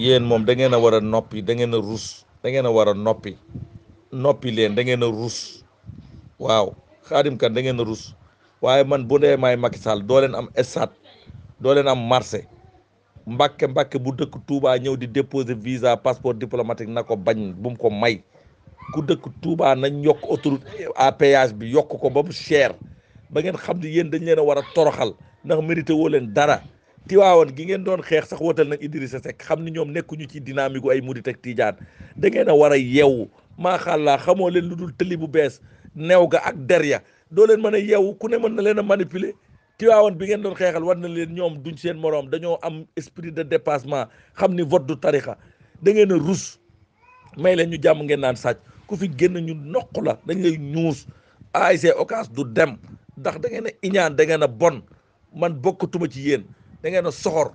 yéen moom da ngeen a war a noppi da ngeen a ruus da ngeen a war a noppi noppi leen da ngeen a ruus waaw xaadim kan da ngeen a ruus waaye man bu dee maay Macky Sall doo leen am stade dooleen am marché mbàkke mbàkke bu dëkk Touba ñëw di déposer visa passeport diplomatique na ko bañ bu ko may ku dëkk tuuba nañ yokk autoroute à bi yokk ko ba mu cher ba ngeen xam ne yéen dañ a war toroxal ndax mérité woo leen dara Tiwaawan gi ngeen doon xeex sax wotal nañ Idrissa Seck xam ni ñoom nekkuñu ci dynamique ay murit ak tijaan da ngeen a war a yeewu maa xamoo leen lu dul tëli bu bees new ga ak der ya doo leen mën a yeewu ku ne mën na leen a manipuler Tiwaawan bi ngeen doon xeexal war na leen ñoom duñ seen moroom dañoo am esprit de dépassement xam ni vote du tarixa da ngeen a rus may leen ñu jàmm ngeen naan sàcc ku fi génn ñu noq la dañ lay ñuus ASC Ocass du dem ndax da iñaan da a bon man bokkatuma ci yéen da ngeen a soxor